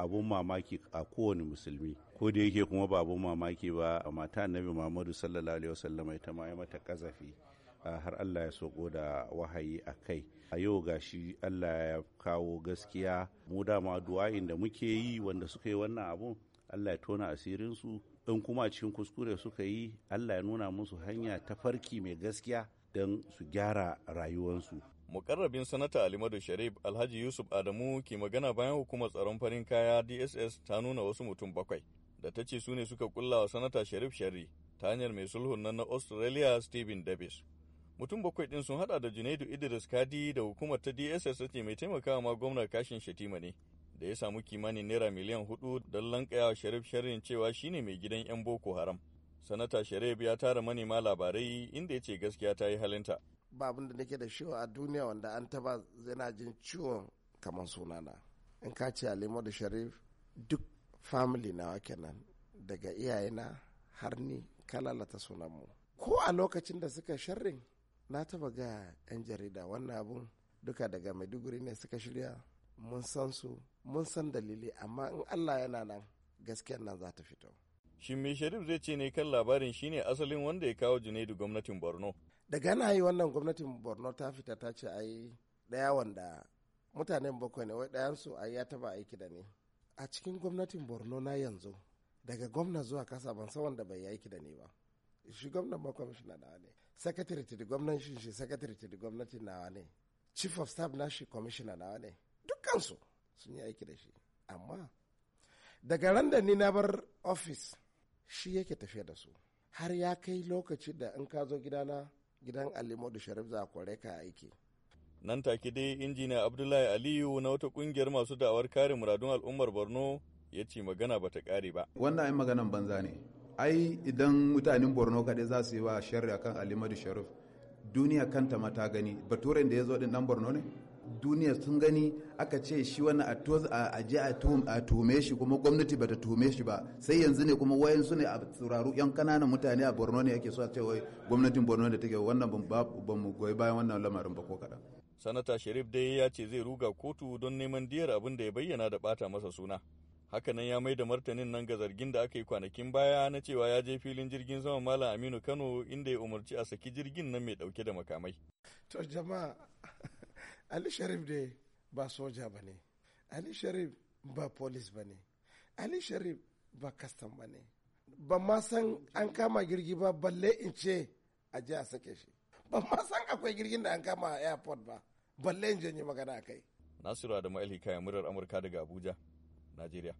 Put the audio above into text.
abun mamaki a kowane musulmi ko da yake kuma ba abun mamaki ba a mata annabi muhammadu sallallahu alaihi wasallam ita ma ya mata kazafi har allah ya soko da wahayi a kai a yau ga shi allah ya kawo gaskiya mu dama du'a'in da muke yi wanda suka yi wannan abun allah ya tona asirin su in kuma cikin kuskure suka yi allah ya nuna musu hanya ta farki mai gaskiya don su gyara rayuwansu mukarrabin sanata alimadu sharif alhaji yusuf adamu ke magana bayan hukumar tsaron farin kaya dss ta nuna wasu mutum bakwai da ta ce su ne suka kulla wa sanata sharif shari ta hanyar mai sulhun nan na australia stephen davis mutum bakwai din sun hada da junaidu idris kadi da hukumar ta dss ta ce mai taimakawa ma gwamnar kashin shatima ne da ya samu kimanin naira miliyan hudu don lankaya wa sharif sharrin cewa shi ne mai gidan yan boko haram sanata sharif ya tara manema labarai inda ya ce gaskiya ta yi halinta ba abin da nake da shi a duniya wanda an taba yana jin ciwon kamar sunana in ka ce alimo da sharif duk family nawa kenan daga iyayena har ni ka lalata sunanmu ko a lokacin da suka sharrin na taba ga 'yan jarida wannan abun duka daga maiduguri ne suka shirya mun san su mun san dalili amma in allah yana nan gaskiyar nan za ta fito Shin mai Sharif zai ce ne kan labarin shine asalin wanda ya kawo Junaidu gwamnatin Borno. Daga na yi wannan gwamnatin Borno ta fita ta ce ai ɗaya wanda mutanen bakwai ne wai ɗayansu ai ya taba aiki da ni. A cikin gwamnatin Borno na yanzu daga gwamna zuwa kasa ban san wanda bai yi aiki da ni ba. Shi gwamnan ba kwamishina nawa ne. Sakatare ta gwamnan shi shi secretary to gwamnati gwamnatin nawa ne. Chief of staff na shi kwamishina nawa ne. Dukkansu sun yi aiki da shi. Amma daga ran da ni na bar office shi yake tafiya da su har ya kai lokacin da in ka zo gidana gidan alimo da sharif za a kware ka aiki nan take dai injiniya abdullahi aliyu na wata kungiyar masu da'awar kare muradun al'ummar borno ya ce magana ba ta kare ba wannan ai maganan banza ne ai idan mutanen borno kaɗai za su yi wa sharri akan da sharif duniya kanta mata ta gani baturen da ya zo din dan borno ne duniya sun gani aka ce shi wani a je a tume shi kuma gwamnati bata tume shi ba sai yanzu ne kuma wayan su ne a tsuraru yan kananan mutane a borno ne ake so a ce wai gwamnatin borno da take wannan ban mu goyi bayan wannan lamarin ba ko kaɗan. sanata sharif dai ya ce zai ruga kotu don neman diyar abin da ya bayyana da bata masa suna hakanan ya mai da martanin nan ga zargin da aka yi kwanakin baya na cewa ya je filin jirgin sama malam aminu kano inda ya umarci a saki jirgin nan mai dauke da makamai ali sharif dai ba soja ba ne ali sharif ba polis ba ne ali sharif ba kastan ba ne ba ma san an kama girgi ba balle in ce a je a sake shi ba ma san akwai girgin da an kama a airport ba balle in je yi magana a kai nasiru adamu alhikaya murar amurka daga abuja najeriya